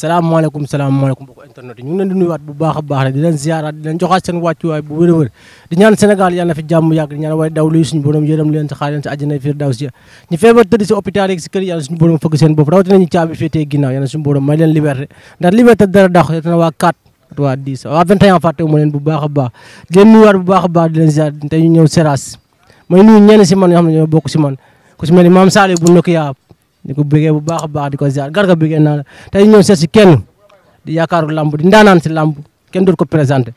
salaamaaleykum salaamaaleykum mbokk internet yi ñu ngi leen di nuyuwaat bu baax a baax rek di leen ziaraat di leen joxaat seen wàccuwaay bu wér a wér di ñaan Sénégal yàlla na fi jàmm yàgg di ñaan waaye daw luy suñu borom yërëm leen si xaar leen si àjjana fiir daw si ñu feebar tëdd si hôpital yeeg si kër yàlla suñu borom fëgg seen bopp rawati nañu caabi féetee ginnaaw yàlla suñu borom may leen liberté ndax liberté dara dàq yàlla na waa 4 waa 10 waa 21 fàttewu ma leen bu baax a baax di leen nuyuwaat bu baax a baax di leen ziar tey ñu ñëw Seras may nuyu ñenn si man yoo xam ne ñoo bokk si man ku si mel ni Maam Saliou bu Nokia ni ko bëggee bu baax a baax di ko ziar Garga bëggee naa la tey ñëw seet si kenn di yaakaaru lamb di ndaanaan si lamb kenn dootu ko présenté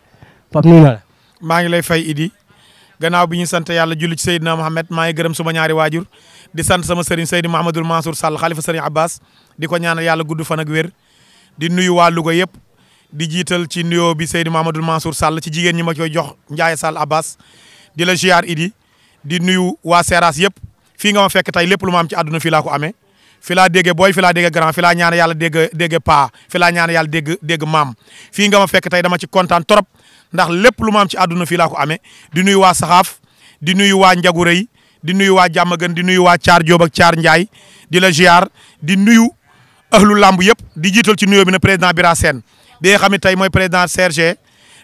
Pape nuyu na la. maa ngi lay fay Idi gannaaw bi ñu sant yàlla julli ci Seydina Mohamed maa ngi gërëm suma ñaari waajur di sant sama sëriñ Seydi Mahamadul Mansour Sall xalifa sëriñ Abbas di ko ñaanal yàlla gudd fan ak di nuyu waa Louga yëpp di jiital ci nuyoo bi Seydi Mahamadul Mansour Sall ci jigéen ñi ma koy jox Ndiaye Sall Abbas di la ziar Idi di nuyu waa Seras yëpp fii nga fekk tey lépp lu ma am ci àdduna fii laa ko amee fi laa déggee booy fi laa déggee grand fi laa ñaan yàlla dégg dégg paa fi laa ñaan yàlla dégg dégg maam fii nga ma fekk tey dama ci kontaan trop ndax lépp lu ma am àdduna fii laa amee di nuyu waa saxaaf di nuyu waa njagu rëy di nuyu waa jàmm di nuyu waa caar ak caar Njaay di la ziar di nuyu ahlu làmb yëpp di jiital ci nuyoo bi ne président Bira Sène bi xam ne tey mooy président CRG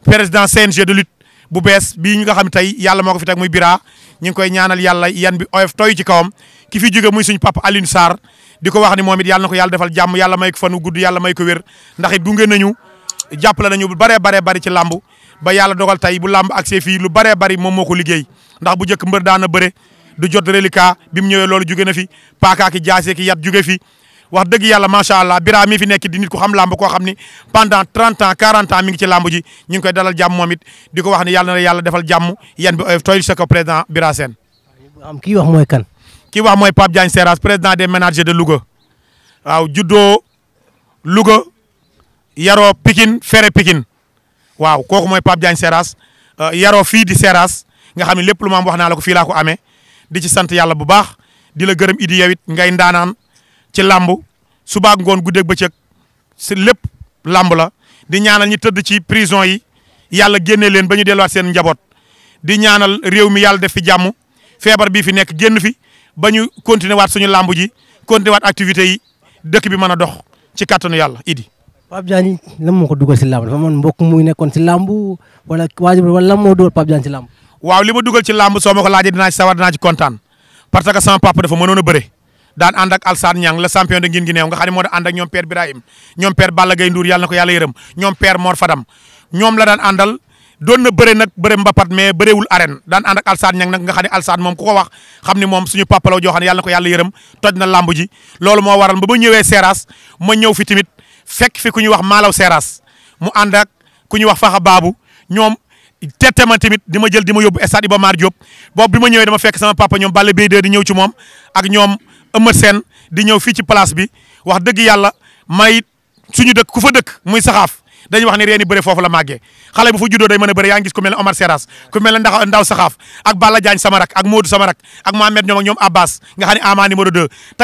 président CNG de lutte bu bees bii ñu nga xam tey yàlla moo ko fi muy Bira ñu ngi koy ñaanal yàlla yan bi oyof toy ci kawam ki fi jóge muy suñu papa aline Sarr di ko wax ni moom it yàlla na ko defal jàmm yàlla may ko fanu gudd yàlla may ko wér ndax it nañu jàppale nañu bu bëree baree bëri ci làmb ba yàlla dogal tey bu làmb ak fii lu bëree bëri moom moo ko liggéey ndax bu jëkk mbër daana bëre du jot reliquat bi mu ñëwee loolu jóge na fi paakaa ki jaase ki yat jóge fi wax dëgg yàlla macha allah bira mi fi nekk di nit ku xam làmb koo xam ni pendant 30 ans 40 ans mi ngi ci làmb ji ñu ngi koy dalal jàmm moom it di ko wax ne yàlla na yàlla defal jàmm yan bi oyof euh, tooy ki wax mooy Pape Diagne Seras président des ménagers de Louga waaw juddoo Louga yaro Pikine fere Pikine waaw kooku mooy Pape Diagne Seras euh, yaroo fii di Seras nga xam ne lépp lu ma wax naa la ko fii laa ko amee di ci sant yàlla bu baax di la gërëm idi yow it ngay ndaanaan ci làmb suba ak ngoon guddeeg bëccëg si lépp làmb la di ñaanal ñi tëdd ci prison yi yàlla génnee leen ba ñu delluwaat seen njaboot di ñaanal réew mi yàlla def fi jàmm feebar bii fi nekk génn fi ba ñu continuer waat suñu làmb ji continuer waat activités yi dëkk bi man a dox ci kàttanu yàlla idi Pape Diagne lan ko dugal si làmb dafa man mbokk nekkoon si làmb moo dugal Pape Diagne waaw li ma dugal ci làmb soo ma ko laajee dinaa ci sawar dinaa kontaan parce que sama papa dafa mënoon a bëre daan ànd Alsaan Ñang la champion de ngin gi neew nga xam ne moo da ànd ak ñoom père Birahim ñoom père Balla Gaye yàlla na ko yàlla yërëm ñoom père Mor Fadam ñoom la daan àndal doon na bëre nag bëre mbapat mais bërewul arène daan ànd ak alsaan ñang nag nga xam ne alsaan moom ku ko wax xam ne moom suñu papa la joo xam ne yàlla na ko yàlla yërëm toj na làmb ji loolu moo waral ba ba ñëwee Seras ma ñëw fi tamit fekk fi ku ñuy wax Malaw Seras mu ànd ak ku ñuy wax Faxa Baabu ñoom tette ma tamit di ma jël di ma yóbbu stade Iba Mar Diop boobu bi ma ñëwee dama fekk sama papa ñoom Balla Beye di ñëw ci moom ak ñoom Eumeu seen di ñëw fii ci place bi wax dëgg yàlla may suñu dëkk ku fa dëkk muy saxaaf dañuy wax ne reeni bëre foofu la màggee xale bu fa juddoo day mën a bëre yaa ngi gis ku mel ne Omar Seras ku mel Ndaw Saxaaf ak Balla Diagne Samarak ak Modou Samarak ak Mohamed ñoom ñoom Abbas nga xam ne ama numéro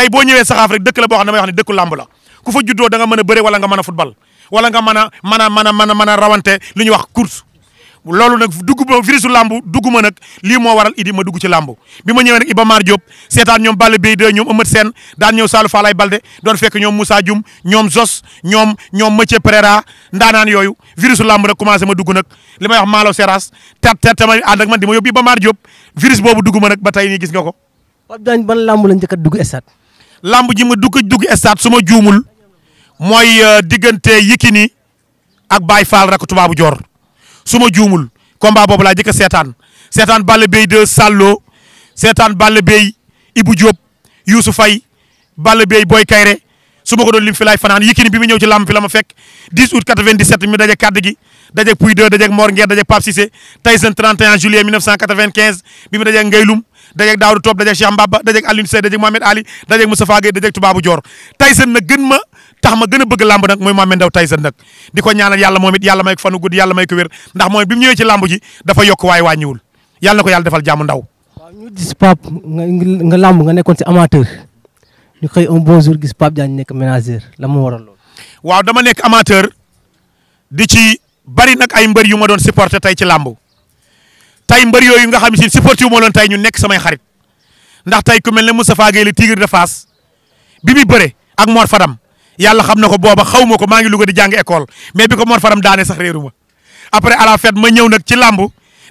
boo ñëwee Saxaaf rek dëkk la boo xam ne damay wax ne dëkku làmb la ku fa juddoo da nga mën a bëre wala nga mën a football wala nga mën a mën a mën a mën a mën a rawante lu ñuy wax course loolu nag dugg ba firisu làmb dugg nag lii moo waral idi ma dugg ci làmb bi ma ñëwee nag Iba Mar seetaan ñoom Balla Bèye de ñoom Amath Sène daan ñëw Saalum Faalaay Balde doon fekk ñoom Moussa ñoom sos ñoom ñoom Mathieu Pereira ndaanaan yooyu virisu làmb nag commencé ma dugg nag li may wax Malo Seras tat tat tamit ànd ak man di ma yóbbu Iba job Diop virus boobu dugg ma nag ba tey nii gis nga ko. Pape ban làmb la njëkk a dugg stade. làmb ji ma dugg dugg stade su ma juumul mooy euh, diggante Yékini ak Baye Fall rek tubaabu su ma juumul combat boobu laa jëkk seetaan seetaan Balla Beye de Sallo seetaan Balla Beye Ibou Diop Youssou Faye Balla Beye Boy Kayre su ko doon lim fanaan Yékini bi mu ñëw ci làmb fi fekk 10 août 97 mi daje kàdd gi daje Pouy 2 daje Mor Nguer daje Pape Cissé Tyson 31 juillet 1995 bi mu daje Ngaylum daje Daoud Top daje Cheikh Mbaba daje Alioune Seye daje Mohamed Ali daje Moustapha Gueye daje Toubabou Dior Tyson na gën ma. tax ma gën a bëgg làmb nag mooy Mohamed Ndao Tyson nag di ko ñaanal yàlla moom it yàlla may ko fanu gudd yàlla may ko wér ndax mooy bi mu ñëwee ci làmb ji dafa yokk waaye wàññiwul yàlla na ko yàlla defal jàmm ndaw waaw làmb nga nekkoon si amateur ñu xëy un bon gis Pape Diagne nekk manager la mu waral lool waaw dama nekk amateur di ci bari nag ay mbër yu ma doon supporter tey ci làmb tey mbër yooyu nga xam si supporter yu ma doon tey ñu nekk samay xarit ndax tey ku mel ne sa Gueye le Tigre de fas bi muy bëre ak Mor Fadam yàlla xam na ko booba xaw ma ko maa ngi Louga di jàng école mais bi ko Mor Faram daane sax réeru ma après à la fête ma ñëw nag ci làmb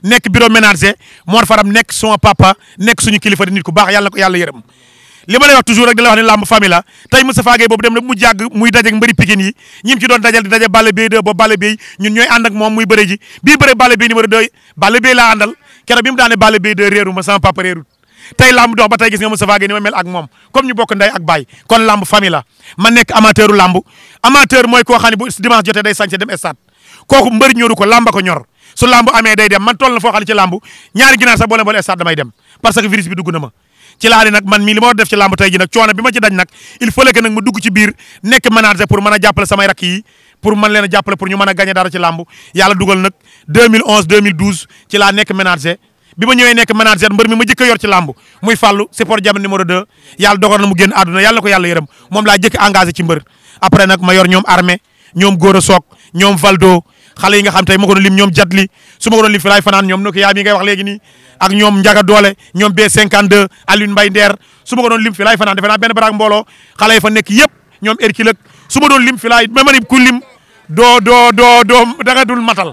nekk bureau ménager Mor Faram nekk suma papa nekk suñu kilifa di nit ku baax yàlla na ko yàlla yërëm li ma lay wax toujours rek di la wax ne làmb famille la tey Moustapha Gueye boobu dem na mu jàgg muy dajeeg mbëri Pikine yi ci doon dajal di daje Balla Beye 2 boobu Balla Beye ñun ñooy ànd ak moom muy bëre ji bii bëre Balla Beye bi mu daane Balla Beye 2 réeru ma sama papa tey lamb dox ba tey gis nga Moustapha Gueye ni ma mel ak moom comme ñu bokk ndey ak baay kon lamb famille ma nekk amateuru lamb amateur mooy koo xam ne bu dimanche jotee day sañse dem stade kooku mbëri ko lamba ko ñor su lamb amee day dem man toll na foo xam ne lamb ñaari ginaar sax boole boole stade damay dem parce que virus bi dugg na ma ci laa ne nag ma war def ci lamb tey ji nag coono bi ma ci dañ nag il fallait que nag ma dugg ci biir nekk manager a jàppale a a gagné dara ci lamb yàlla dugal nag 2011 2012 ci bi ma ñëwee nekk manager mbër mi ma jëkk a yor ci làmb muy fàllu support jam numéro 2 yàlla dogal na mu génn àdduna yàlla ko yàlla yërëm moom laa jëkk engagé ci mbër après nag ma yor ñoom armée ñoom góor a soog ñoom valdo xale yi nga xam tey ma ko doon ñoom jatli su ma ko doon lim fi laay fanaan ñoom nokki yaa mi ngay wax léegi nii ak ñoom njaga doole ñoom B52 Alioune Mbaye Nder su ma ko doon lim fi laay fanaan defe naa benn baraak mbooloo xale yi fa nekk yëpp ñoom Hercule su ma fi laay ma doo doo doo doo danga dul matal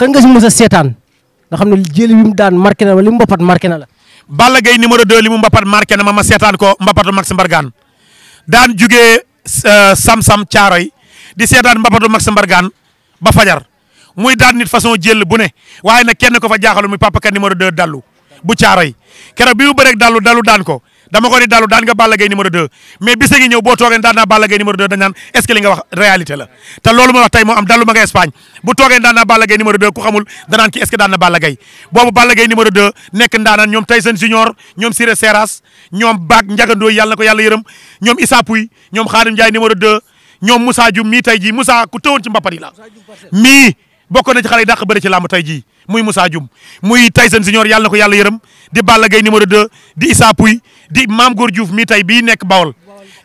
kan nga si mës a seetaan nga xam ne jëli bi mu daan marqué na la li mu mbapat marqué na la. Balla Gaye numéro 2 li mu mbapat marqué na ma ma seetaan ko mbapatu Max Mbargane daan jugee Samsam euh, yi di seetaan mbapatu Max Mbargane ba fajar muy daan nit façon jël bu ne waaye na kenn ko fa jaaxalu mu papa ka numéro 2 dallu bu yi keroog bi mu bëreeg dallu dallu daan ko dama ko ni dalu daan nga Balla Gaye numéro 2 mais bis ngi ñëw boo toogee daan naa Balla Gaye numéro 2 dañ naan est ce que li nga wax réalité la te loolu ma wax tey moo am dalu ma nga Espagne bu toogee daan naa na Balla Gaye boobu Balla nekk ndaanaan ñoom Tyson Junior ñoom Siré Seras ñoom Bac Njagandoo yàlla ko yàlla yërëm ñoom Issa Pouye ñoom Khadim Ndiaye numéro 2 ñoom Moussa Dioum tey jii Moussa ku tëwoon ci mbapat yi la mii bokk na ci xale tey jii muy Moussa Dioum muy Tyson Junior yàlla ko yalla yërëm di Balla Gaye numéro 2 di Issa di maam Góor Diouf mii tey bii nekk Bawol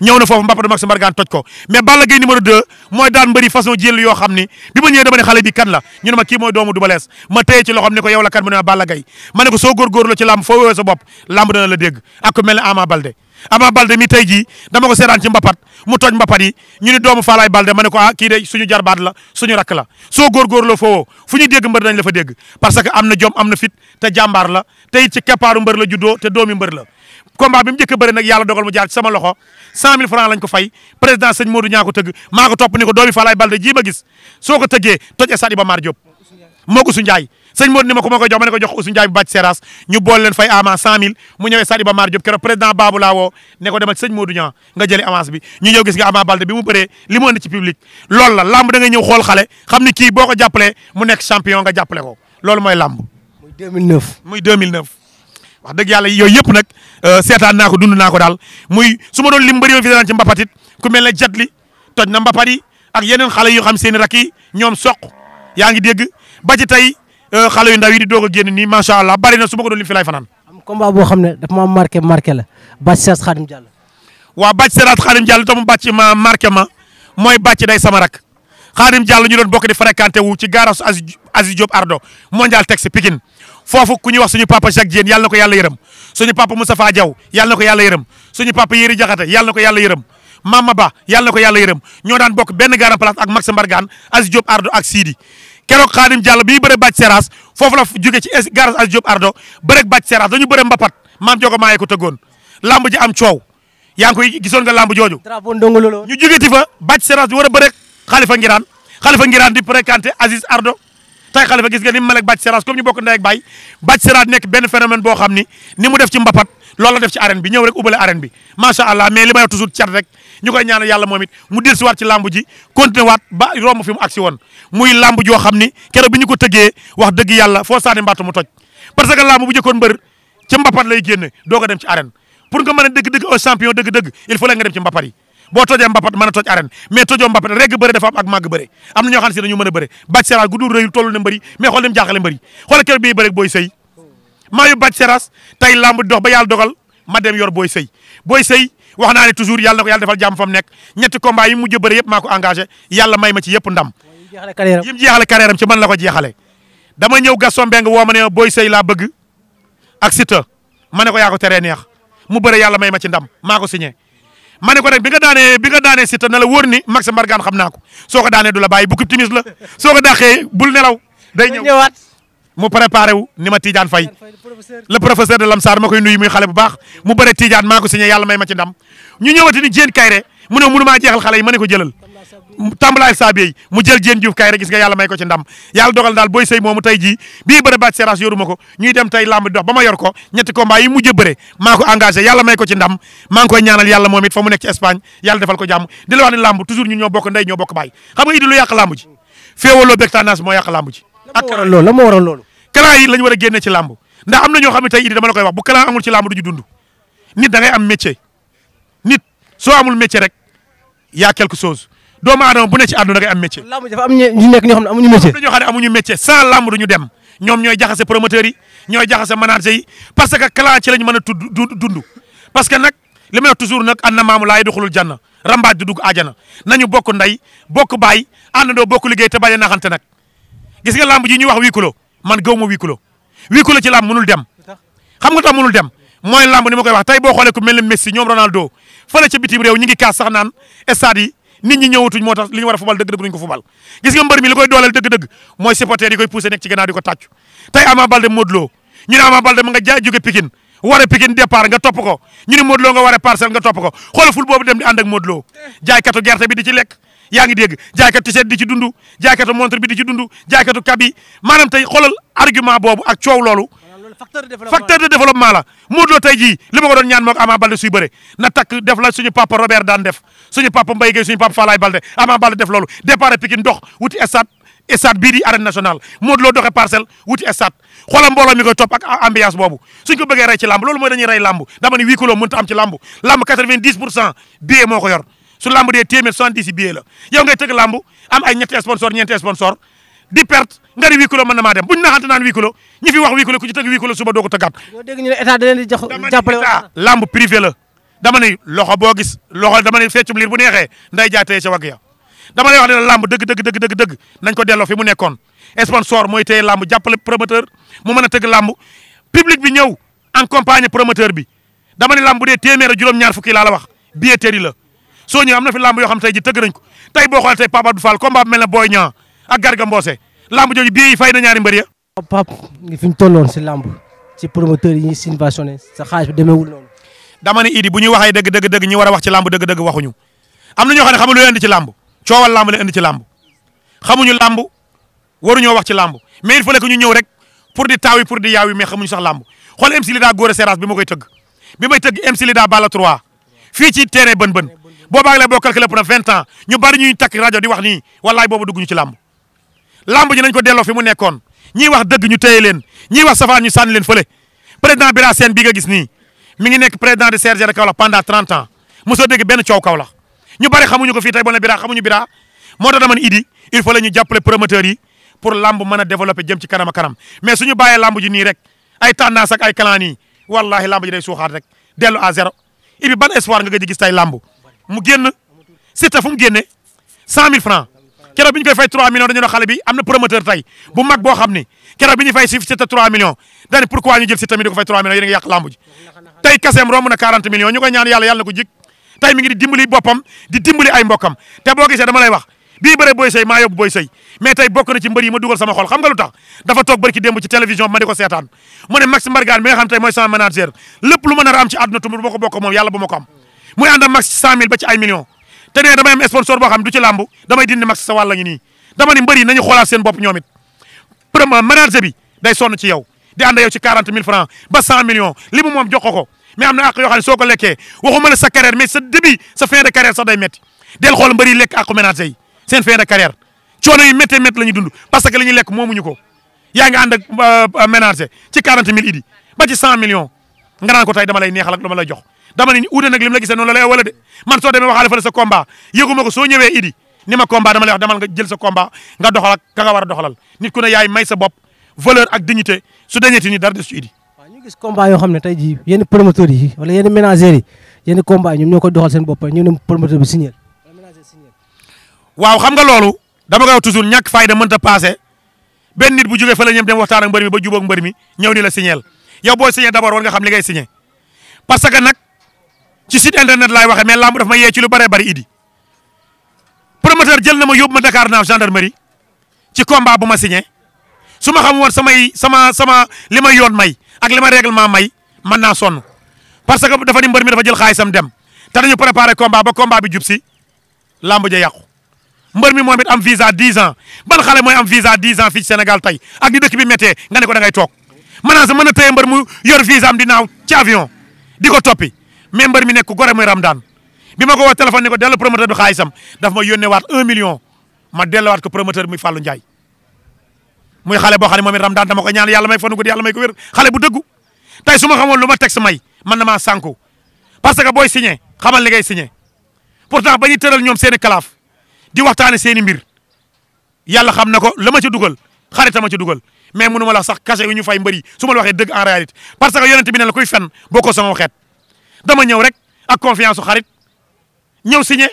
ñëw na foofu Mbappé Max Mbargane toj ko mais Balla Gaye numéro 2 mooy daan mbëri façon jël yoo xam ni bi ma ñëwee dama ne xale bi kan la ñu ne ma kii mooy doomu Double Less ma téye ci loxoom ne ko yow la kan mu ma Balla Gaye ma ne ko soo góorgóorlu la ci làmb foo woowee sa bopp làmb dana la dégg ak ku mel ne Ama Balde Ama Balde mi tey jii dama ko seetaan ci mbapat mu toj mbapat yi ñu ne doomu Faalaay Balde ma ne ko ah kii de suñu jarbaat la suñu rakk la soo góorgóorloo foowoo fu ñuy dégg mbër dañ la fa dégg parce que am na jom am na fit te jàmbaar la te it ci keppaaru mbër la juddoo te doomi mbër la combat bi mu njëkk a bëri nag yàlla dogal mu jaar ci sama loxo 100000 francs lañ ko fay président sëñ Modou ñaa ko tëgg maa ko topp ni ko doomi Falaye Balde jii ma gis soo ko tëggee toj estade Iba Mar Diop moo ko Njaay sëñ Modou ni ma ko ma koy jox ma ne ko Usu Njaay bu bàcc seeraas ñu boole leen fay ama 100000 mu ñëwee stade Iba Mar Diop keroog président Babou laa woo ne ko demal ci ñaa nga jëli avance bi ñu ñëw gis nga Ama Balde bi mooy lamb muy 2009 wax dëgg yàlla yooy yëpp nag euh, seetaan naa ko dund naa ko daal muy su ma doon lim bëri fi daan ci mbapat it ku mel ne Jatli toj na mbapat yi ak yeneen xale yoo xam seen i rak yi ñoom soq yaa ngi dégg ba ci tey euh, xale yu ndaw yi di doog a génn nii macha allah bari na su ma ko doon lim fi fanaan. am combat boo xam ne daf maa marqué marqué la Bathie Seras Khadim Diallo. waaw Bathie Seras Khadim Diallo tam ma marqué ma mooy sama rak Khadim Diallo ñu doon bokk di fréquenté wu ci garage Aziz Diop Ardo mondial teg si Pikine foofu ku ñuy wax suñu papa Jacques Diène yàlla na ko yàlla yërëm suñu papa Moustapha Diaw yàlla na ko yàlla yërëm suñu papa Yéri Jaxate yàlla na ko yalla yërëm Mama Ba yàlla na ko yàlla yërëm ñoo daan bokk benn garan place ak Max Mbargane Aziz Diop Ardo ak Sidi keroog Xaadim Diallo bii bëre bàcc Seras foofu la jóge ci garage Aziz Diop Ardo bërek bàcc Seras dañu bëre mbapat maam jogo maayee ko tëggoon lamb am coow yaa gisoon nga lamb jooju ñu jógeti fa bàcc Seras bi war a bëre Xalifa Ngiraan Xalifa tey xalifa gis nga ni mu mel ak Bathie Seras comme ñu bokk ndey nekk benn phénomène boo xam ni ni mu def ci mbapat loolu la def ci arène bi ñëw rek ubale arène bi macha allah mais li toujours ci làmb ji continué waat ba romb fi mu agsi woon muy làmb joo xam ni keroog bi ñu ko tëggee wax dëgg yàlla foo saani mbattu mu toj parce que làmb bu jëkkoon mbër ci mbapat lay génne doo dem ci arène pour nga mën a dëgg-dëgg au champion dëgg-dëgg il faut la nga dem ci mbapat yi boo tojee mbapat mën a toj arène mais tojoo mbapat reg bëre dafa am ak màgg bëre am na ñoo xam ne si dañu mën a bëre bàcc seras gu dul rëyul toll na mbëri mais jaaxale mbëri xool kër bii booy sëy tey lamb dox ba yàlla dogal ma dem yor booy sëy booy sëy wax naa ne toujours yàlla na ko yàlla defal jàmm fa mu nekk ñetti combat yi mujj bëre yëpp maa ko engagé yàlla may ma ci yëpp ndam yi mu jeexale carrière am ci man la ko jeexale dama ñëw Gaston Mbengue woo ma ne booy sëy laa bëgg ak Siteu ma ne ko yaa ko teree mu bëre yàlla may ma ci ndam maa ko signé ma ne ko nag bi nga daanee bi nga daanee na la wóor ni Max Mbargane xam naa ko soo ko daanee du la bàyyi bu kib timis la soo ko dàqee bul nelaw day ñëwaat mu préparé wu ni ma Tidiane Faye le professeur de Lamsar ma koy nuyu muy xale bu baax mu bëre Tidiane maa ko signé yàlla may ma ci ndam ñu ñëwati ni Diène Kayré mu ne mënu maa jeexal xale yi ma ne ko jëlal tàmbalaay saabi yi mu jël jéen juuf kaay rek gis nga may ko ci ndam yàlla dogal daal booy sëy moomu tey jii bii bëre baaj séerage yoruma ko ñuy dem tey lamb dox ba ma yor ko ñetti combat yi a bëre maa ko engagé yàlla may ko ci ndam maa ngi koy ñaanal yàlla mu nekk ci Espagne yàlla defal ko jàmm di la wax ne lamb toujours ñun ñoo bokk ndey ñoo bokk baay xam nga idi lu yàq lamb ji féewaloo bektaanaas moo yàq lamb moo waral loolu clan yi lañu a génne doomu aadama bu ne ci àdduna da ngay am métier. lamb dafa am ñu nekk ñoo xam ne amuñu métier. dañoo xam dem ñoom ñooy jaxase promoteurs ñooy jaxase manager parce que clan ci lañ mën a tudd dund parce que nag li may nag an maamu laay duxulul janna rambaaj du dugg aajana nañu bokk nday bokk baay àndandoo bokk liggéey te bañ a naxante nag gis nga lamb ji ñuy wax wii clos man gaw ma huis clos huis clos ci lamb mënul dem xam nga tax mënul dem mooy lamb ni ma koy wax tey boo xoolee ku mel ne Messi ñoom Ronaldo fële sax naan stade yi nit ñi ñëwatuñ moo tax li ñu war a fubal dëgg-dëgg duñ ko fubal gis nga mbër mi li koy dooleel dëgg-dëgg mooy supporter yi koy poussé nekk ci gannaaw di ko tàccu tey Ama Baldé Modou Lo ñu ne Ama Baldé ma jaay jóge Pikine war a Pikine départ nga topp ko ñu ne nga war a Parcelles nga topp ko xoola ful boobu dem di ànd ak Modou Lo jaaykatu gerte bi di ci lekk yaa ngi dégg jaaykatu t-shirt di ci dund jaaykatu montre bi di ci dund jaaykatu kab yi maanaam tey xoolal argument boobu ak coow loolu facteur de développement facteur la Modou Lo jii li ma ko ñaan moog Ama Balde suy bëre na takk def la suñu papa Robert daan def suñu papa Mbaye Gueye suñu papa Falaye Balde Ama Balde def loolu départ Pikine ndox wuti stade bii di arène nationale Modou Lo doxee parcelle wuti stade xoolal mbooloo mi koy topp boobu suñ ko bëggee rey ci lamb loolu mooy dañuy rey lamb dama ne huis clos mënut a am ci lamb lamb 90 pour cent billet moo ko yor su di perte nga ne huis clos mën na maa dem buñ naxante naan huis clos ñi fi wax huis clos ku ci tëgg huis clos suba doo ko tëggaat. lamb privé la dama loxo boo gis loxo dama ne feccum liir bu neexee nday jaatee ca wagg ya dama wax ne lamb dëgg dëgg dëgg dëgg nañ ko dello fi mu nekkoon sponsor mooy téye lamb jàppale promoteur mu mën a tëgg lamb public bi ñëw accompagner promoteur bi dama ne lamb dee téeméer juróom-ñaar fukki laa la wax billetterie la soo ñëwee am na fi lamb yoo xam tey ji tëgg nañ ko tey boo xoolee tey Pape Abdou Fall combat mel na ak Garga Mbossé lamb jooju bii yi fay na ñaari mbër ya. pap fi ñu tolloon si lamb si promoteur yi ñuy subventionné sa xaalis bi demeewul noonu. dama ne Idi bu ñuy waxee dëgg dëgg dëgg ñu war a wax ci lamb dëgg dëgg waxuñu am na ñoo xam ne xamuñu lu indi ci lamb coowal lamb la indi ci lamb xamuñu lamb waruñoo wax ci lamb mais il faut que ñu ñëw rek pour di taaw yi pour di yaaw yi mais xamuñu sax lamb xool MC Lida góor a bi ma koy tëgg bi may tëgg MC Lida Balla 3 fii ci terrain bën-bën boobaag rajo di wax nii wallaay boobu dugg ci lamb lamb ji nañ ko delloo fi mu nekkoon ñiy wax dëgg ñu téye leen ñiy wax safaan ñu sànni leen fële président Bira Sène bii nga gis nii mi ngi nekk président de CRG de Kaolack pendant 30 ans mosoo dégg benn coow Kaolack ñu bari xamuñu ko fii tey boo ne Bira xamuñu Bira moo tax dama idi il faut la ñu jàppale promoteurs yi pour lamb mën a développer jëm ci kanam a kanam mais suñu bàyyee lamb ji nii rek ay tendance ak ay clan yi wallahi lamb ji day suuxaat rek dellu à zéro ibi ban espoir nga gëj keroog bi ñu koy fay 3 millions dañu xale bi am na promoteur tey bu mag boo xam ni keroog bi ñu fay si si 3 millions dañu pourquoi ñu jël si millions yéen a ngi yàq làmb ji tey na 40 millions ñu koy ñaan yàlla yàlla na ko jik tey mi di dimbali boppam di dimbali ay mbokkam te boo gisee seetaan mu ne Max Mbargane mi xam tey mooy sama manager lépp lu ma nar am ci àdduna tumur boo ko bokk moom yàlla bu te nee damay am boo xam du ci làmb damay dindi max sa wàll ngi nii dama ni mbëri nañu xoolaat seen bopp ñoom it premier manager bi day sonn ci yow di ànd yow ci quarante mille francs ba cent millions li mu moom jox ko ko mais am na soo ko lekkee waxuma la sa carrière mais sa début sa fin de carrière sax day métti del xool mbëri lekk àqu manager yi seen fin de carrière coono yu méttee métti la ñu dund parce que li ñu lekk moomuñu ko yaa ngi ànd ak euh, manager ci quarante mille idi ba ci cent millions nga naan ko tey dama lay jox dama ne uute nag lim la gisee noonu la lay wala de man soo demee waxaale fële sa combat yëguma ko soo ñëwee idi ni ma combat dama lay wax demal nga jël sa combat nga doxal ka nga war doxalal nit ku ne yaay may sa bopp valeur ak dignité su dañeeti ni dara des ci idi ne tey jii yenn promoteurs yi wala yenn ménagères yi yenn combat ñoom ñoo ko doxal seen bopp ñu ne promoteur bi signé waaw xam nga loolu dama koy wax toujours ñàkk fayda mënta passé benn nit bu jógee fa la ñëm dem mi ba jubóog mbër mi ñëw ni la signé yow boo signé d'abord war nga xam li ngay signé ci site internet laay waxee mais lamb daf ma yee ci lu bëree bëri idi promoteur jël na ma yóbbu ma Dakar naaf gendarmerie ci combat bu ma signé su ma xam woon samay sama sama li ma yoon may ak li ma règlement may mën naa sonn parce que dafa ni mbër mi dafa jël xaalisam dem te dañu préparé combat ba combat bi jub si lamb ja yàqu. mbër mi moom it am visa 10 ans ban xale mooy am visa 10 ans fii ci Sénégal tey ak ni dëkk bi méttee nga ne ko da ngay toog mën naa sa mën a téye mbër mu yor visa am di naaw ci avion di ko toppi. membre mi nekk gore muy Ramdaan bi ma ko woo téléphone ne ko delloo promoteur bi xaalisam daf ma yónneewaat un million ma delloowaat ko promoteur muy Fallou Ndiaye muy xale boo xam ne moom it Ramdaan dama ko ñaan yàlla may fanu guddi yàlla may ko wér xale bu dëggu tey su ma xamoon lu ma teg sa may man na maa sànku parce que booy signé xamal li ngay signé pourtant ba ñu tëral ñoom seen i kalaaf di waxtaane seen i mbir yàlla xam na ko la ma ci dugal xarita ma ci dugal mais mënu la sax cachet yu ñu fay mbëri su ma la waxee dëgg en réalité parce que yonent bi ne la kuy fen boo ko sama xeet dama ñëw rek ak confiance su xarit ñëw signé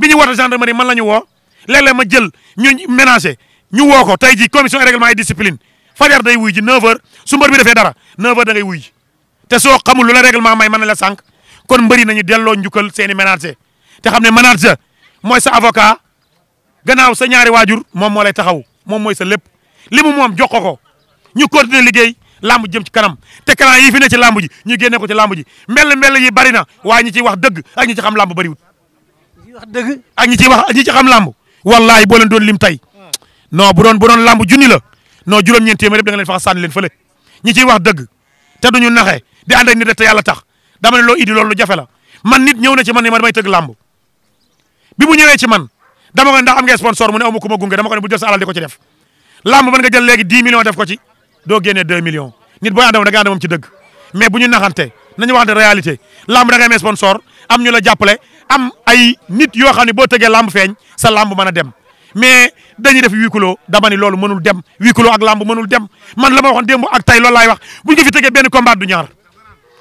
bi ñu woote gendarmerie man la ñu woo léeg-léeg ma jël ñu ménager ñu woo ko tey jii commission règlement et discipline fajar day wuy ji 9h su mbër bi defee dara 9h da ngay wuy ji te soo xamul lu la règlement may man na la sànq kon mbëri nañu delloo njukkal seeni i te xam ne ménager mooy sa avocat gannaaw sa ñaari waajur moom moo lay taxaw moom mooy sa lépp li mu moom jox ko ko ñu continuer liggéey làmb jëm ci kanam te clan yi fi ne ci làmb ji ñu génne ko ci làmb ji mbell mbell yi bari na waaye ñi ciy wax dëgg ak ñi ci xam làmb bariwut wax dëgg ak ñi ciy wax ñi ci xam làmb wallahi boo leen doon lim tey noo bu doon bu doon làmb junni la noo juróom-ñeent téeméer da nga leen faxa sànni leen fële ñi ciy wax dëgg te duñu naxe di ànd ak nit te yàlla tax dama ne loo idi loolu lu jafe la man nit ñëw na ci man ne ma damay tëgg làmb bi mu ñëwee ci man dama ko ndax am nga sponsor mu ne amu ku gunge dama ko ne bu jël sa alal di ko def ko ci doo génnee 2 millions nit booy ànd ak moom da nga ànd moom ci dëgg mais bu ñu naxante nañu waxante réalité lamb da ngay amee sponsor am ñu la jàppale am ay nit yoo xam ne boo tegee lamb feeñ sa lamb mën a dem mais dañuy def huis clos dama ni loolu mënul dem huis clos ak lamb mënul dem man la ma waxoon démb ak tay loolu laay wax bu ñu ko fi tëgee benn combat du ñaar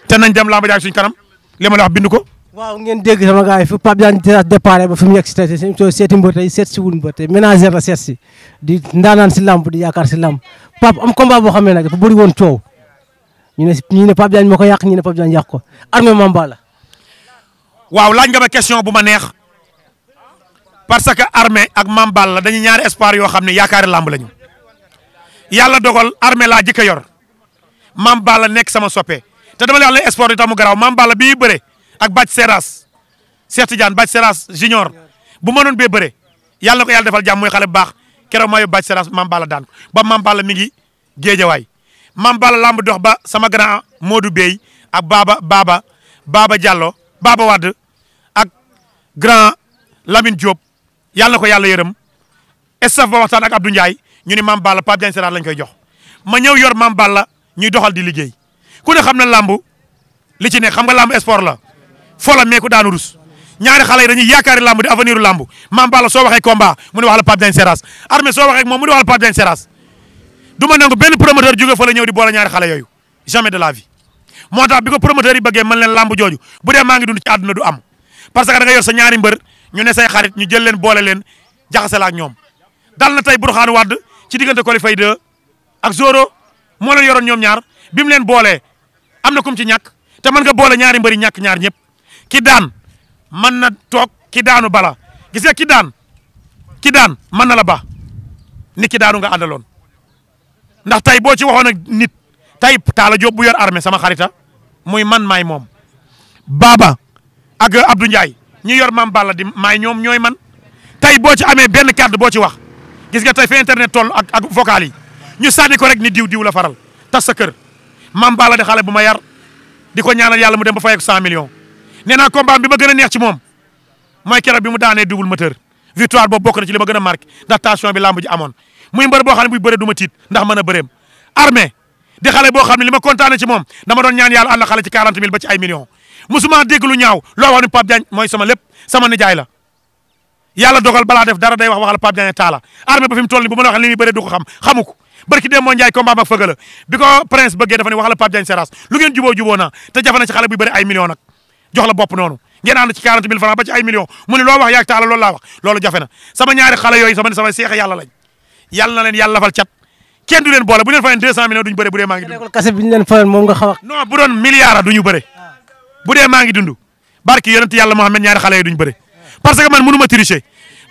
te nañ dem lamb jaay suñ kanam li wax bind ko. waaw ngeen dégg sama gars yi fu Pape Diagne Djilass départ ba fi mu yegg si tey seeti yaakaar si lamb Pape am boo xam ne nag dafa bëri ñu ne ñu moo ko yàq ñu ne Pape Diagne ko Armé Mame waaw laaj nga ma question bu ma neex parce que Armé ak Mame Balla dañu ñaari espoir yoo xam ne yaakaar làmb lañu yàlla dogal Armé laa jëkk a yor Mame nekk sama soppe te dama la wax ne espoir yi tax mu garaaw Mame bëre ak Bac Seras Cheikh Tidiane Bac Seras junior bu mënoon bee bëre yàlla na ko yàlla defal jàmm mooy xale baax keroog maa yóbbu Bac Seras Mame daan ba Mame Balla mi ngi mam bala lamb dox ba sama grand Modou Bey ak Baba Baba Baba Diallo Baba Wade ak grand Lamine Diop yàlla na ko yàlla yërëm estaf ba waxtaan ak Abdou Ndiaye ñu ne mam bala Pape Diagne la lañ koy jox ma ñëw yor mam balla ñu doxal di liggéey ku ne xam na lambu li ne xam nga lamb sport la fola meeku daanu rus ñaari xale yi dañuy yaakaari lamb di avenir lamb mam balla soo waxee combat mu ne wax la Pape Diagne Seraat soo waxee moom mu ne wax la Pape du ma nangu benn promoteur jóge fa la ñëw di boole ñaari xale yooyu jamais de la vie moo tax bi ko promoteur yi bëggee mën leen làmb jooju bu dee maa ngi dund ci àdduna du am parce que da nga yor sa ñaari mbër ñu ne say xarit ñu jël leen boole leen jaxasela ak ñoom dal na tey Burxaan Wàdd ci diggante Colifay 2 ak Zoro moo leen yoroon ñoom ñaar bi mu leen boolee am na kum ci ñàkk te mën nga boole ñaari mbëri ñàkk ñaar ñëpp ki daan man na toog ki daanu bala gi nga ki daan ki daan mën na la ba ni ki daanu nga àndaloon ndax tey boo ci waxoon ak nit tey Talla Diop bu yor armée sama xarita muy man maay moom baaba ak Abdou Ndiaye ñi yor maam Balla di maay ñoom ñooy man tey boo ci amee benn kàddu boo ci wax gis nga tey fi internet toll ak ak vocal yi ñu sànni ko rek ni diw diw la faral tas sa kër maam Balla di xale bu ma yar di ko ñaanal yàlla mu dem ba fay ak 100 millions nee naa combat bi ma gën a neex ci moom mooy keroog bi mu daanee double moteur victoire boobu bokk na ci li ma gën a marqué ndax bi làmb ji amoon muy mbër boo xam ne buy bëre du tiit ndax mën a bëreem di xale boo xam ne li kontaane ci moom dama doon ñaan yàlla àlla xale ci 40 mille ba ci ay millions musuma loo wax ni Pape Diagne mooy sama nijaay la yàlla dogal balaa def dara day wax waxal Pape taala armée ba fi toll ni bu ma la waxee li muy bëre du ko xam xamu ko barki dem moo njaay combat ak fëgga la bi ko prince bëggee dafa ne waxal Pape Diagne Seras lu ngeen juboo juboo naa te na ci xale la ci 40 mille francs ba ay millions mu ne loo wax yaag taala loolu laa wax loolu yooyu sama sama seex yàlla lañ yàlla na leen yàlla lafal cat kenn du leen boole bu leen fayoon 200 millions duñu bëre bu dee maa ngi dund. kase bi ñu leen fayoon moom nga xaw bu doon milliard duñu bëre ah. bu dee maa ngi dund barki xale yi duñu bëre parce que man mënu ma tricher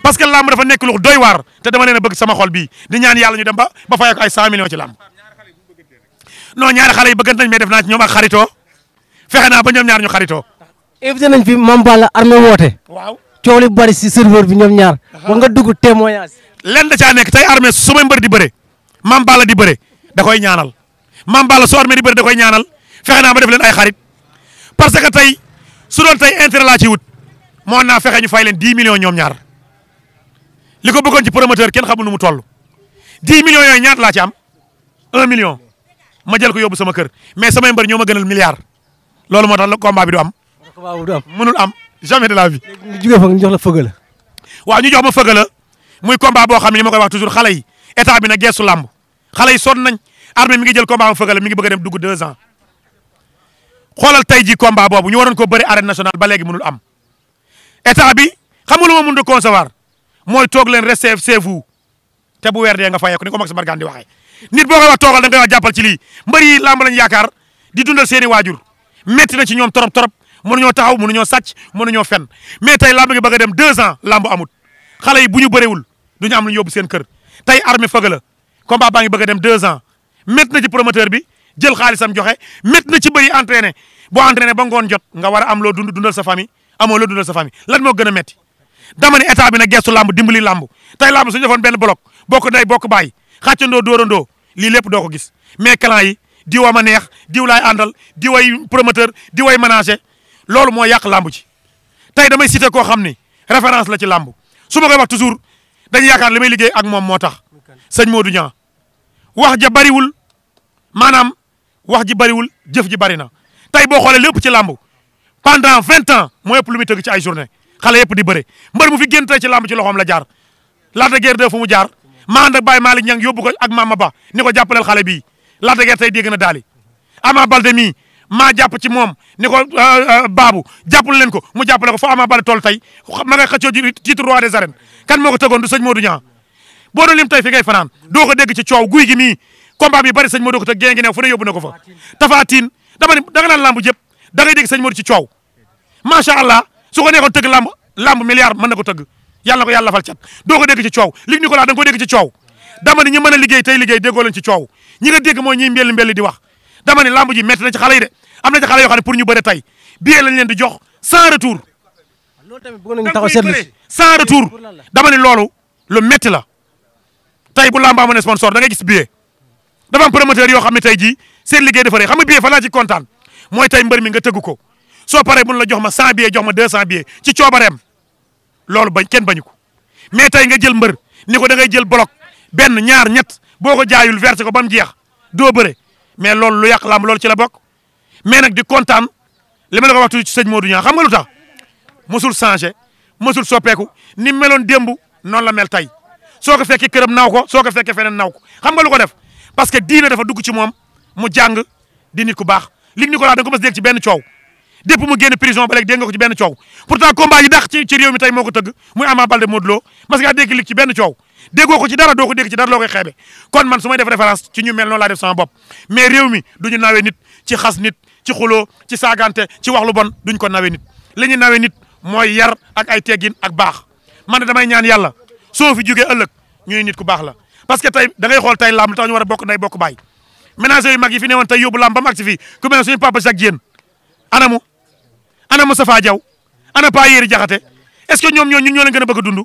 parce que làmb dafa nekk lu doy waar te dama leen a bëgg sama xol bii di ñaan yàlla ñu dem ba ba fayoo ko ay 100 ci làmb non ñaari xale yi bëggante nañ mais def naa ci ñoom ak fexe naa ba ñoom ñaar ñu xaritoo. invité nañ fi Mame Balla armée woote. waaw coow li bari si serveur bi ñoom ñaar. ba nga dugg témoignage. lenn da caa nekk tey armée su may mbër di bëre maam Balla di bëre da koy ñaanal maam Balla su armée di bëre da koy ñaanal fexe naa ba def leen ay xarit parce que tey su doon tey intérêt laa ci wut moo naa fexe ñu fay leen 10 millions ñoom ñaar li ko bëggoon ci promoteur kenn xamul nu mu toll 10 millions laa ci am 1 million ma jël ko yóbbu sama kër mais samay mbër ñoo ma gënal milliard loolu moo tax la combat am. combat am mënul de la vie. ñu jógee fa ñu la muy combat boo xam ne ni ma koy wax toujours xale yi état bi na geesu làmb xale yi sonn nañ armée mi ngi jël combat am fëgale mi ngi bëgga dem dugg deux ans xoolal tey ji combat boobu ñu waroon ko bëri arène nationale ba léegi mënul am état bi xam nga lu ma mën di concevoir mooy toog leen resté chez vous te bu weer dee nga fayee ko ni ko Max Mbargane di waxee nit boo koy wax toogal da nga koy jàppal ci lii mbër yi làmb lañ yaakaar di dundal seeni waajur metti na ci ñoom torop torop mënuñoo taxaw mënuñoo sàcc mënuñoo fen mais tey làmb gi bëgg a dem deux ans làmb amut xale yi bu ñu bëriwul duñu am lu ñu seen kër tey armée fëgg la combat baa ngi bëgg a dem deux ans métti na ci promoteur bi jël xaalisam joxe métti na ci bëri entraîné boo entraîné ba ngoon jot nga war a am loo dund dundal sa famille amoo loo dundal sa lan moo gën a métti dama ne état bi nag gestu làmb dimbali làmb tey làmb suñu defoon benn bloc bokk ndey bokk bàyyi xàccandoo dóorandoo lii lépp doo ko gis mais clan yi diwa ma neex diw laay àndal diway promoteur diway manager loolu moo yàq làmb ci tey damay cité koo xam ni référence la ci làmb su ma koy wax toujours dañ yaakaar li may liggéey ak moom moo tax sëñ Modou Niang wax ja bariwul maanaam wax ji bari wul jëf ji bari na tey boo xoolee lépp ci làmb pendant vingt ans moo ëpp lu muy tëgg ci ay journée xale yëpp di bëre mbër mu fi génn tey ci làmb ci loxoom la jaar laata guerre de fu mu jaar maa ànd ak Baye Malick Niang yóbbu ko ak Mama Ba ni ko jàppaleel xale bii laata guerre tey dégg na daali Ama Balde maa jàpp ci moom ni ko euh, euh, baabu jàppul leen ko mu jàppale ko foo Ama Baldé toll tey ma nga xëccoo ji titre roi des arènes kan moo ko tëggoon du sëñ Modou Niang boo doon lim tey fi ngay fanaan doo ko dégg ci coow guy gi mii combat bi bari sëñ Modou ko teg gée ngi new fu ne yóbbu na ko fa tafaatin dama ni da nga naan lamb jëpp da ngay dégg ci coow macha allah su ko neexoon tëgg lamb lamb milliard mën ko tëgg yàlla na ko yàlla fal cat doo ko dégg ci coow Luc Nicolaï da nga ko dégg ci coow dama ni ñi mën a liggéey tey liggéey déggoo leen ci coow ñi nga dégg mooy wax dama ne lamb ji métti na ci xale yi de am na ci xale yoo xam ne pour ñu bëre tey billet lañ leen di jox sans retour. loolu tamit bëgg nañu taxaw seetlu sans retour dama ne loolu lu métti la tey bu lamb amoon sponsor da ngay gis billet dafa am promoteur yoo xam ne tey jii seen liggéey dafa rëy xam nga billet fa laa kontaan mooy tey mbër mi nga tëgg ko soo paree mun la jox ma 100 billets jox ma 200 billets ci coobareem loolu bañ kenn bañu ko mais tey nga jël mbër ni ko da ngay jël bloc benn ñaar ñett boo ko jaayul verse ko ba jeex doo bëre mais loolu lu yàq làmb loolu ci la bokk mais nag di kontaan li ma la ko wax ci sëñ Modou Niang xam nga lu tax mosul changé mosul soppeeku ni mu meloon démb noonu la mel tey soo ko fekke këram naw ko soo ko fekkee feneen naw ko xam nga lu ko def parce que diine dafa dugg ci moom mu jàng di ku baax lig ni ko laa da nga ko mës dégg ci benn coow dépp mu génn prison ba léegi dégg ci benn coow pourtant combat yi ci ci réew mi tey moo ko tëgg muy Ama Baldé Modou Lo mas ngaa dégg lig ci benn coow déggoo ko ci dara doo ko dégg ci dara loo koy xeebe kon man su def référence ci ñu mel noonu laa def sama bopp mais réew mi duñu nawee nit ci xas nit ci xuloo ci saagante ci wax lu bon duñ ko nawe nit li ñu nawee nit mooy yar ak ay teggin ak baax man damay ñaan yàlla soo fi jugee ëllëg ñu nit ku baax la parce que tey da ngay xool tey làmb tax ñu war a bokk nday bokk baay ménageurs yu mag yi fi newoon tey yóbbu làmb ba mu agsi fii ku mel ne suñu papa Pa Yéri Jaxate ñoom ñoo ñun ñoo gën a bëgg a dund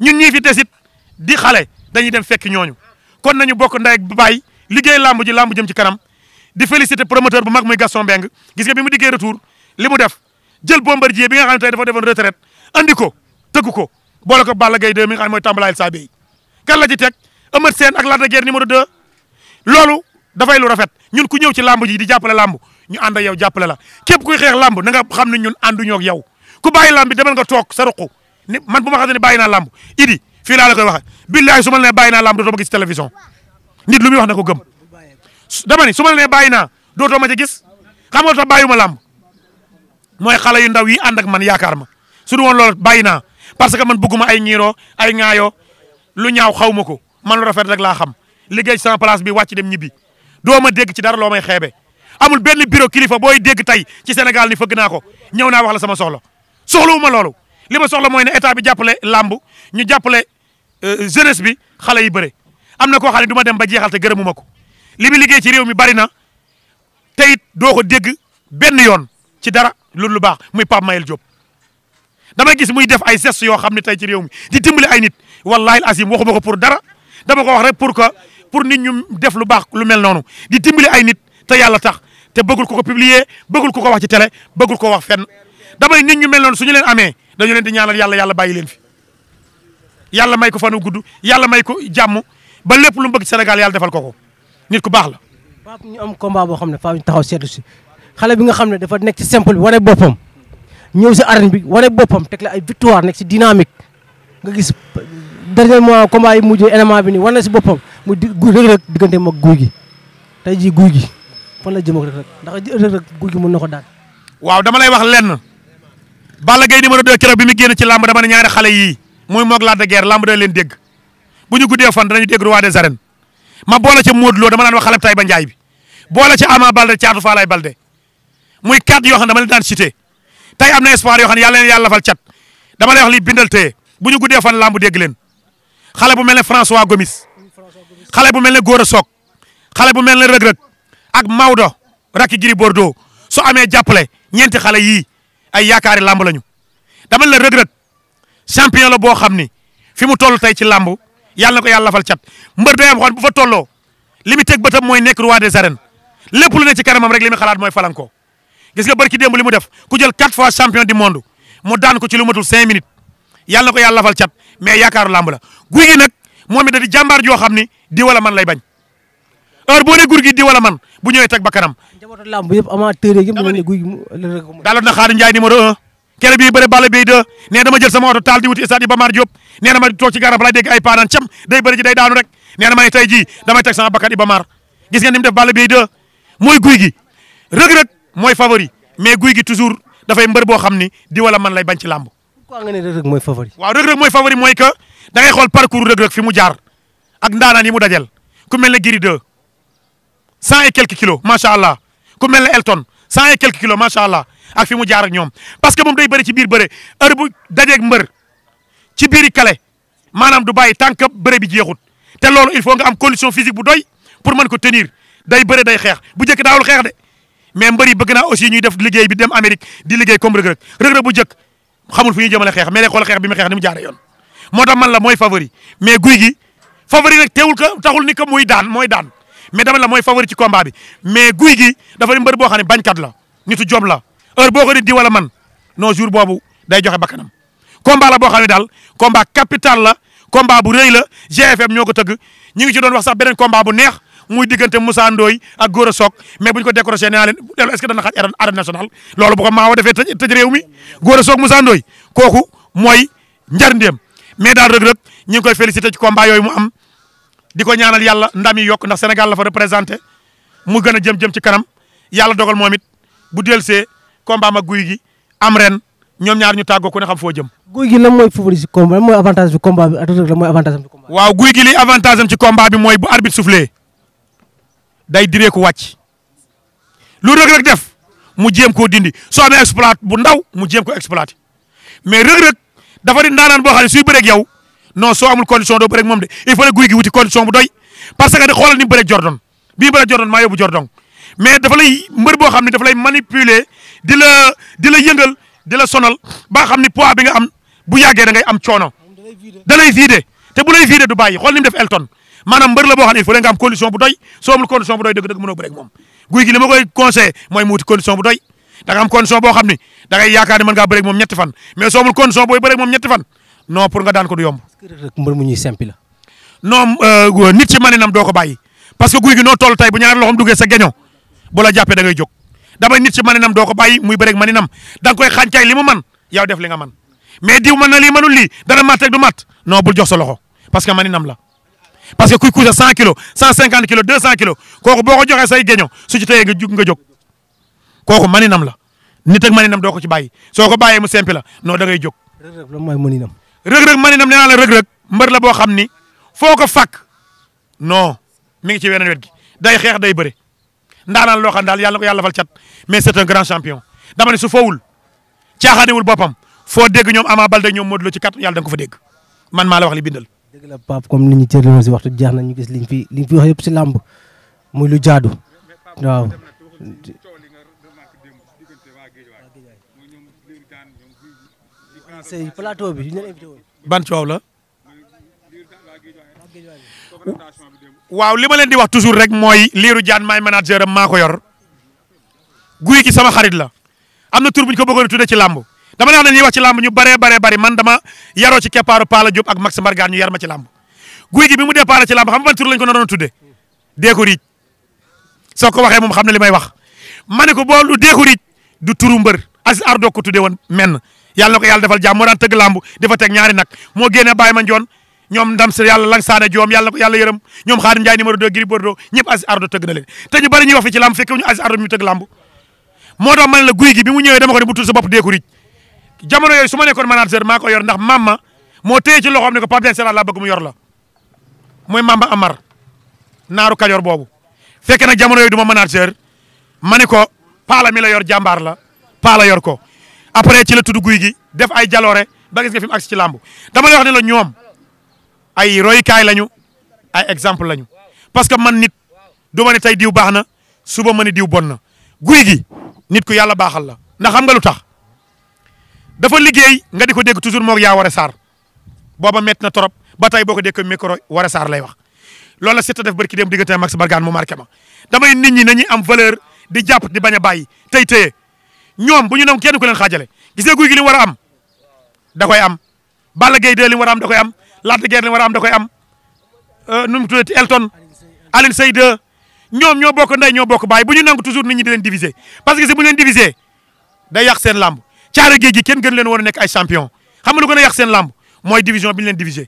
ñun di xale dañuy dem fekk ñooñu kon nañu bokk ndey bu baay liggéey làmb ji làmb jëm ci kanam di féliciter promoteur bu mag muy Gaston Mbengue gis nga bi mu diggee retour li mu def jël Bombardier bi nga xam ne tey dafa defoon retraite andi ko tëgg ko boole ko Balla Gaye 2 mi nga xam ne mooy tàmbalaayal saa beey kan la ci teg Eumeu Sène ak Lac de Guiers numéro 2 loolu dafay lu rafet ñun ku ñëw ci làmb ji di jàppale làmb ñu ànd yow jàppale la képp kuy xeex làmb na nga xam ne ñun ànduñoo ak yow ku bàyyi làmb bi demal nga toog sa ruq ni man bu ma xam ne bàyyi naa làmb idi fii laa la koy waxee billahi su ma la nee bàyyi naa lamb dootoo gis télévision nit lu muy wax na ko gëm dama ni su ma la nee bàyyi naa dootoo ma gis xam nga tax bàyyu ma lamb mooy xale yu ndaw yi ànd ak man yaakaar ma su bàyyi naa parce que man bëgguma ay ñiiroo ay ŋaayoo lu ñaaw xaw ma ko man lu rafet rek laa xam liggéey ci place bi wàcc dem ñibbi doo ma dégg ci dara loo may xeebe amul benn bureau kilifa booy dégg tey ci Sénégal ni fëgg naa ko ñëw naa wax la sama soxla soxlawu ma loolu li ma soxla mooy ne bi jàppale làmb ñu jàppale Euh, jeunesse bi xale yi bëre am na koo xam ne du ma dem ba jeexal te gërëmu ma ko li mu liggéey ci réew mi bari na te doo ko dégg benn yoon ci dara loolu lu baax muy Pape Mayel Diop. damay gis muy def ay gestes yoo xam ne tey ci réew mi di dimbali ay nit wallahi azim waxuma ko pour dara dama ko wax rek pour que pour nit ñu def lu baax lu mel noonu di dimbali ay nit te yàlla tax te bëggul ko ko publier bëggul ko ko wax ci télé bëggul ko wax fenn damay nit ñu mel noonu su ñu leen amee dañu leen di ñaanal yàlla yàlla bàyyi leen fi. yàlla may ko fanu gudd yàlla may ko jàmm ba lépp lu mu bëgg yàlla defal ko ko nit ku baax la. Pape ñu am combat boo xam ne faaw ñu taxaw seetlu si xale bi nga xam ne dafa nekk ci simple bi wane boppam ñëw si arène bi wane boppam teg la ay victoire nekk si dynamique nga gis dernier mois combat yi mujjee élément bi nii wane si boppam mu di gu Reug Reug diggante mag guy gi tey jii guy gi fan la ko ak Reug ndax Reug Reug guy gi mën na ko daal. waaw dama lay wax lenn Balla Gaye numéro 2 keroog bi mu ci làmb dama ne ñaari xale yii muy moog Lac de Guiers lamb leen dégg bu ñu guddee fan danañu dégg roi des arènes ma boole ca Modou dama daan wax xale tay ba Njaay bi boole ca Ama Balde caatu Faalaay Balde muy quatre yoo xam ne dama leen daan cité tey am na espoir yoo xam ne yalla leen yàlla fal cat dama lay wax lii bindal téye bu ñu guddee fan lamb dégg leen xale bu mel ne François Gomis xale bu mel ne Gora Sock xale bu mel ne Reug Reug ak Maodo rakki Gris Bordeaux su amee jàppale ñeenti xale yii ay yaakaari lamb lañu dama la Reug champion la boo xam ni fi mu toll tey ci lamb yàlla na ko yàlla lafal cat mbër day am xool bu fa tolloo li mu teg bëtam mooy nekk roi de arènes lépp lu ne ci kanamam rek li mu xalaat mooy falankoo gis nga barki démb li mu def ku jël quatre fois champion du monde mu daan ko ci lu matul cinq minutes yàlla na ko yàlla lafal cat mais yaakaaru làmb la guy gi nag moom it da joo xam ni di wala man lay bañ heure boo ne gur gi di wala man bu ñëwee teg ba kanam. njabootu kere bii bëri bàll bii de nee dama jël sama oto taal di wuti stade Iba Mar Diop nee na ma toog ci garab lay dégg ay paanaan cam day bëri ji day daanu rek nee na ma ne tey jii damay teg sama bakkat Iba Mar gis ngeen ni mu def bàll bii de mooy guy gi rëg-rëg mooy favori mais guy gi toujours dafay mbër boo xam ni di wala man lay bañ ci làmb. pourquoi rëg-rëg mooy favori. waaw rëg-rëg mooy favori mooy que da ngay xool parcours rëg-rëg fi mu jaar ak ndaanaan yi mu dajel ku mel ne Giri 2 cent et quelques kilos macha allah ku mel ne Elton cent et quelques kilos allah ak fi mu jaar ak ñoom parce que moom day bëri ci biir bëre heure bu dajeeg mbër ci biiri kale maanaam du bàyyi tant bëre bi jeexut te loolu il faut nga am condition physique bu doy pour mën ko tenir day bëre day xeex bu njëkk daawul xeex de mais mbër yi bëgg naa aussi ñuy def liggéey bi dem Amérique di liggéey comme Reug Reug Reug Reug bu jëkk xamul fu ñuy jëmale xeex mais léegi xool xeex bi mu xeex ni mu jaare yoon moo tax man la mooy favori mais guy gi favori nag teewul ko taxul ni ko muy daan mooy daan mais dama la mooy favori ci combat bi mais guy gi dafa di boo xam ne bañkat la nitu jom la heure boo ko di di wala man non jour boobu day joxe bakkanam combat la boo xam ne daal combat capital la combat bu rëy la GFM ñoo ko tëgg ñu ngi ci doon wax sax beneen combat bu neex muy diggante Moussa Ndoye ak Gora Sock mais bu ñu ko décroché nee naa leen est-ce que dana xaj arène nationale loolu bu ko maawa defee tëj tëj réew mi Gora Sock Moussa Ndoye kooku mooy njarndéem mais daal ñu ngi koy félicité ci combat yooyu mu am di ko ñaanal yàlla ndam yi yokk ndax Sénégal la fa représenté mu gën a jëm-jëm ci kanam yàlla dogal moom it bu delsee combat ma guy gi am ren ñoom ñaar ñu tàggoo ku ne xam foo jëm. guy gi lan mooy favori ci combat lan mooy avantage bi combat bi Reug mooy avantage am ci combat waaw bu arbitre soufflé day diree ku wàcc lu Reug Reug def mu jéem koo dindi soo amee exploit bu ndaw mu jéem ko exploit mais Reug Reug dafa di ndaanaan boo xam ne suy bëreeg yow non soo amul condition doo bëreeg moom de il faut ne guy gi wuti condition bu doy parce que di xoolal ni mu bëreeg Jordan bii bëreeg maa yóbbu Jordan mais dafa lay boo xam ne dafa lay manipuler di la yëngal di la sonal ba xam ni poids bi nga am bu yàggee da ngay am coono da lay vidé te bu lay vidé du bàyyi xool ni mu def Elton maanaam mbër la boo xam il faut nga am condition bu doy soo amul bu doy dëgg am condition boo xam ne da yaakaar ne mën ngaa bëre ak moom ñetti fan mais soo amul condition booy moom ñetti fan non pour nga daan ko du yomb. mbër mu ñuy simple la. Euh, doo ko bàyyi parce que guy gi noo toll tey bu ñaari loxoom duggee damay nit ci maninam doo ko bàyyi muy bërek maninam da nga koy xàncaay li mu man yow def li nga man mais diw man na lii manu li dana mat du mat non bul jox sa loxo parce que maninam la parce que kuy couché 100 kilos 150 kilos 200 kilos kooku boo ko joxee say géño su ci tëyee nga jug nga jóg kooku maninam la nit ak maninam doo ko ci bàyyi soo ko bàyyee mu simpi la noo da ngay jóg. rëg-rëg la mooy maninam. rëg-rëg maninam nee naa la rëg-rëg mbër la boo xam ni foo ko fàkk non mi ngi ci weneen wet gi day xeex day bëre ndaanaan loo xam daal yàlla na yàlla fal cat mais c'est un grand champion dama ne su foowul caaxaanewul boppam foo dégg ñoom Ama Baldé ñoom Modou Lo ci kàttu yàlla da nga ko fa dégg man maa la wax li bindal. dëgg la Pape comme ni ñu cërloo si waxtu jeex na ñu gis liñ fi liñ fi wax yëpp si làmb muy lu jaadu waaw. sëñ plateau bi waaw li ma leen di wax toujours rek mooy liiru jaan maay manager am maa ko yor guy gi sama xarit la am na tur buñ ko bëggoon a ci làmb dama ne wax ne ñuy wax ci làmb ñu bare baree bari man dama yaroo ci keppaaru Paala Diop ak Max Mbargaan ñu yar ma ci làmb guy gi bi mu dee départ ci làmb xam ma tur lañ ko naroon a dee ko riij soo ko waxee moom xam ne li may wax ma ne ko boo lu dee ko riij du turu mbër ar ardo ko tuddee woon menn yàlla na ko yàlla defal jàmm moo daan tëgg làmb dafa teg ñaari nag moo génnee bàyyi ma njoon ñoom ndam si yàlla lang saada joom yàlla ko yàlla yërëm ñoom xaadim njaay numéro 2 Gris Bordeaux ñëpp Aziz Ardo tëgg te ñu bari ñuy wax fi ci làmb ñu Aziz Ardo mi tëgg làmb moo tax man la guy gi mu ñëwee dama ko ne bu tudd sa bopp deeku rij jamono yooyu su ma nekkoon manager maa ko yor ndax mamma moo téye ci loxoom ne ko Pape Sera laa bëgg yor la mooy Mamba Amar naaru Kajoor boobu fekk nag jamono yooyu du ma manager ma ne ko paala mi la yor jàmbaar la paala yor ko après ci la tudd guy gi def ay jaloore ba gis nga ci làmb dama lay ne la ñoom ay roykaay lañu ay exemple lañu parce que man nit du ma ne tey diw baax na suba ma ne diw bon na guy gi nit ku yàlla baaxal la ndax xam nga lu tax dafa liggéey nga di ko dégg toujours moog yaa war a saar booba métti na trop ba tey boo ko dégg micro war a saar lay wax loolu la Siteu def barki dem diggante Max Bargane mu marqué ma damay nit ñi nañuy am valeur di jàpp di bañ a bàyyi tey tëye ñoom bu ñu dem kenn ku leen xaajale gis nga guy gi li mu war a am da koy am Balla li mu da koy am Lac de Guiers li am da koy am euh, nu mu tuddati Elton Alioune Seye 2 ñoom ñoo bokk ndey ñoo bokk baay bu ñu nangu toujours nit ni di leen diviser parce que si bu ñu leen diviser day yàq seen làmb caara géej gi kenn gën leen war a nekk ay champion xam nga lu gën a yàq seen làmb mooy division bi ñu leen diviser.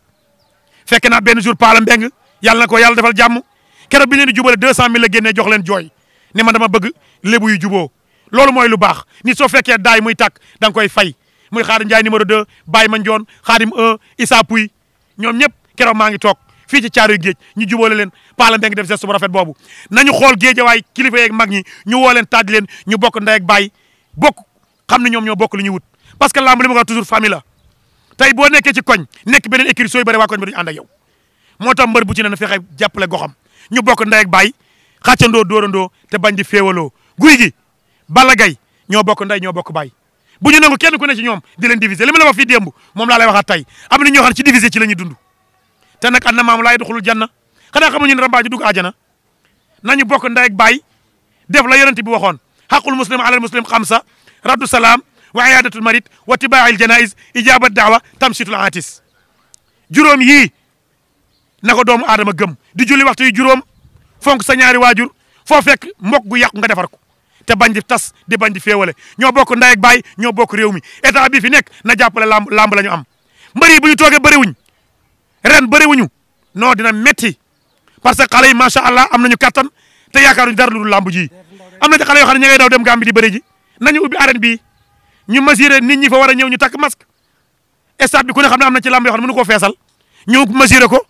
fekk naa benn jour Paala Mbeng yàlla ko yàlla defal jàmm keroog bi ñu leen di jubale 200000 la génnee jox leen jooy ne ma dama bëgg lébu yu juboo loolu mooy lu baax nit soo fekkee daay muy tàkk da koy fay muy Xaadim Njaay numéro 2 Baye Mandione Xaadim 1 Issa Pouy ñoom ñëpp keroom maa ngi toog fii ci caari géej ñu jubóole leen paala mbeng def geste bu rafet boobu nañu xool géejawaay kilifa yeeg mag ñi ñu woo leen taaj leen ñu bokk ndey ak baay bokk xam ne ñoom ñoo bokk lu ñu wut parce que lamb li ma toujours famille la tey boo nekkee ci koñ nekk beneen écrit sooy bëri waa koñ bi duñu ànd yow moo tax mbër bu ci ne fexe jàppale goxam ñu bokk ndey ak baay xàccandoo dóorandoo te bañ di féewaloo guy gi Balla Gaye ñoo bokk ndey ñoo bokk baay bu ñu nangu kenn ku ne ci ñoom di leen diviser ma la wax fii démb moom laa lay waxaat tey am na ñoo xam ne ci diviser ci la ñuy dund te nag anna maam laay duxulul janna xanaa xamuñu ne rambaaju dugg àjjana nañu bokk ndey ak baay def la yonent bi waxoon xaqul muslim alal muslim xamsa raddu salaam wa iyaadatul marid wa tibaail janais ijabat daawa tamsitul atis juroom yii na ko doomu aadama gëm di julli waxtu yu juróom fonk sa ñaari waajur foo fekk mbokk gu nga defar ko te bañ di tas di bañ di féewale ñoo bokk ndey ak baay ñoo bokk réew mi état bi fi nekk na jàppale lamb lamb la ñu am mbër yi bu ñu toogee bëriwuñ ren bëriwuñu non dina métti parce que xale yi macha allah am nañu kattan te yaakaaruñu dara lu dul lamb ji am na xale yoo xam ne ña ngay daw dem Gàmbi di bëri ji nañu ubbi arène bi ñu mesurer nit ñi fa war a ñëw ñu takk masque stade bi ku ne xam ne am na ci lamb yoo xam ne koo feesal ñu mesurer ko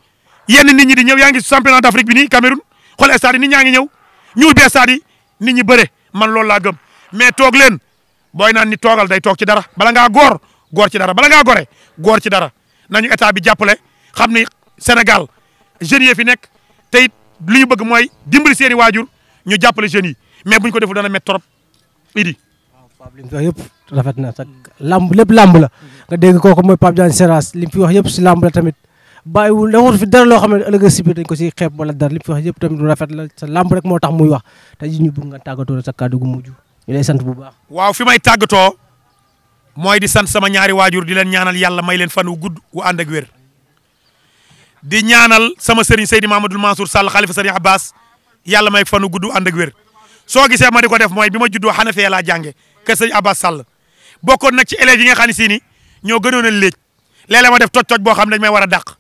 yenn nit ñi di ñëw yaa ngi championnat d'Afrique bi nii Cameroun xool stade yi nit ñaa ngi ñëw ñu ubbi stade yi ñi bëre man loolu laa gëm mais toog leen booy naan ni toogal day toog ci dara bala ngaa góor góor ci dara bala ngaa gore góor ci dara nañu état bi jàppale xam ni Sénégal jeunes yi fi nekk tey it li ñu bëgg mooy dimbali seen waajur ñu jàppale jeunes yi mais buñ ko deful dana met trop idi Pape li mu lamb lépp lamb la nga dégg kooku mooy Pape Diagne Seras li fi wax yëpp si lamb la tamit bàyyiwul da war fi dara loo xam ne ëllëg si biir dañ ko si xeeb wala dara li mu wax yëpp tamit lu rafet la sa làmb rek moo tax muy wax tey jii ñu nga tàggatoo sa kàddu gu mujj ñu lay sant bu baax. waaw fi may tàggatoo mooy di sant sama ñaari waajur di leen ñaanal yàlla may leen fan wu gudd wu ànd ak wér di ñaanal sama sëriñ Seydi Mamadou Mansour Sall xalifa sëriñ Abbas yàlla may fan wu gudd ànd ak wér soo gisee ma di ko def mooy bi ma juddoo Hanafiyya laa jànge ka sëriñ Abbas Sall bokkoon nag ci yi nga xam ne si ni ñoo gënoon a léej léeg-léeg ma boo xam ne may war a dàq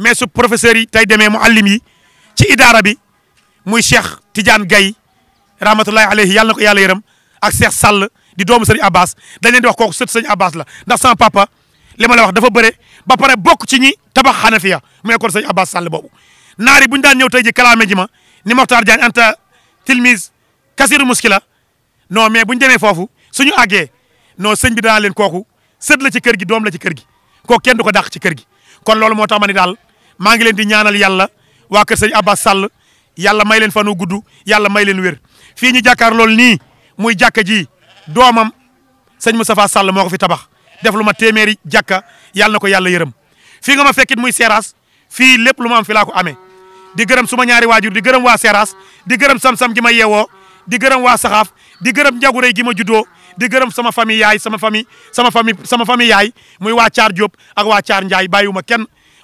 mais su professeur yi tey demee mu allim yi ci idaara bi muy Cheikh Tidiane Gaye rahmatullahi alayhi yàlla ko yàlla yërëm ak Cheikh Sall di doomu sëñ Abbas dañ leen di wax kooku sët sëñ Abbas la ndax sama papa li ma la wax dafa bëre ba pare bokk ci ñi tabax xanafiya mu nekkoon sëñ Abbas Sall boobu naari bu ñu daan ñëw tey ji kalaame ji ma ni Mokhtar Diagne anta tilmise kasiru muskila non mais bu ñu demee foofu suñu àggee non sëñ bi danaa leen kooku sët la ci kër gi doom la ci kër gi kooku kenn du ko dàq ci kër gi kon loolu moo tax ma ni daal maa ngi leen di ñaanal yàlla waa kër sëñ Abbas Sall yàlla may leen fanu gudd yàlla may leen wér fii ñu jàkkaar lool nii muy jàkka ji doomam sëñ Moustapha Sall moo ko fi tabax def lu ma téeméeri jàkka yàlla ko yàlla yërëm fii nga ma fekkit muy Seras fii lépp lu ma am fi laa ko amee di gërëm suma ñaari waajur di gërëm waa Seras di gërëm sam-sam gi ma yeewoo di gërëm waa saxaaf di gërëm njagure gi ma juddoo di gërëm sama famille yaay sama famille sama famille sama famille yaay muy waa Caar Diop ak waa Caar Ndiaye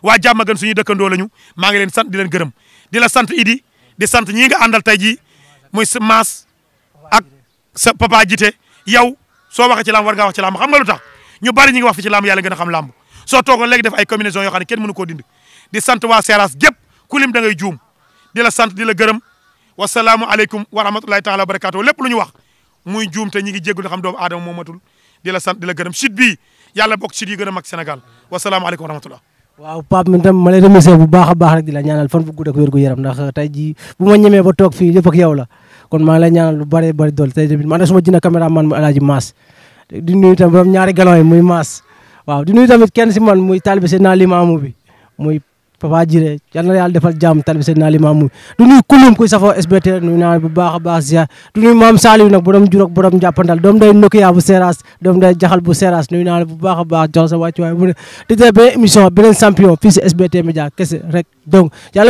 waa jàmmagan suñuy dëkkandoo lañu maa ngi leen sant di leen gërëm di la sant Idi di sant ñii nga àndal tey jii muy sa maas ak sa papa jite yow soo waxee ci lamb war ngaa wax ci lamb xam nga lu tax ñu bari a xam lamb soo toogoon léegi def ay combinaison yoo xam ne kenn mënu koo dindi di sant waa Seras gépp ku lim da ngay juum di la sant di la gërëm wasalaamu aleykum wa rahmatulahi taala wa barakatu lépp lu ñu wax muy juum te ñi ngi jéggul xam doomu aadama moo matul di la sant la gërëm site bii yàlla bokk site yi gën a mag Sénégal wasalaamu waaw Pape man tam ma bu baax a baax rek di la ñaanal fan bu gudd ak wér gu yaram ndax uh, tey jii bu ma ñemee ba toog fii lépp ak yow la kon maa ngi ñaanal lu bari bari dool tey tamit man de suma jënd caméraman mu Alaaji Maas di nuyu tam borom ñaari galon muy Maas waaw di nuyu tamit kenn si man muy taalibe Seydina Limaamu bi muy Papa Jiré yal na yàlla defal jàmm tal bi seen naa limaamu du kuy safoo SBT nuyu naa bu baax a baax ziar du maam Saliou nag borom jur ak borom doom day Nokia bu Seras doom day jaxal bu Seras nuyu naa bu baax a baax jox sa wàccuwaay bu ne di def beneen émission beneen champion fii SBT Média kese rek donc nga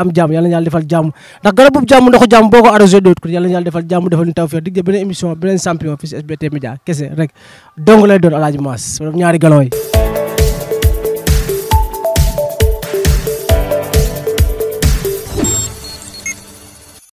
am jàmm yal na yàlla bu jàmm ndoxu jàmm boo ko arrosé doot ko yal na yàlla defal jàmm defal ñu tawfeex di def beneen émission beneen champion fii si SBT Média kese rek donc lay doon Alaaji Maas borom ñaari galon yi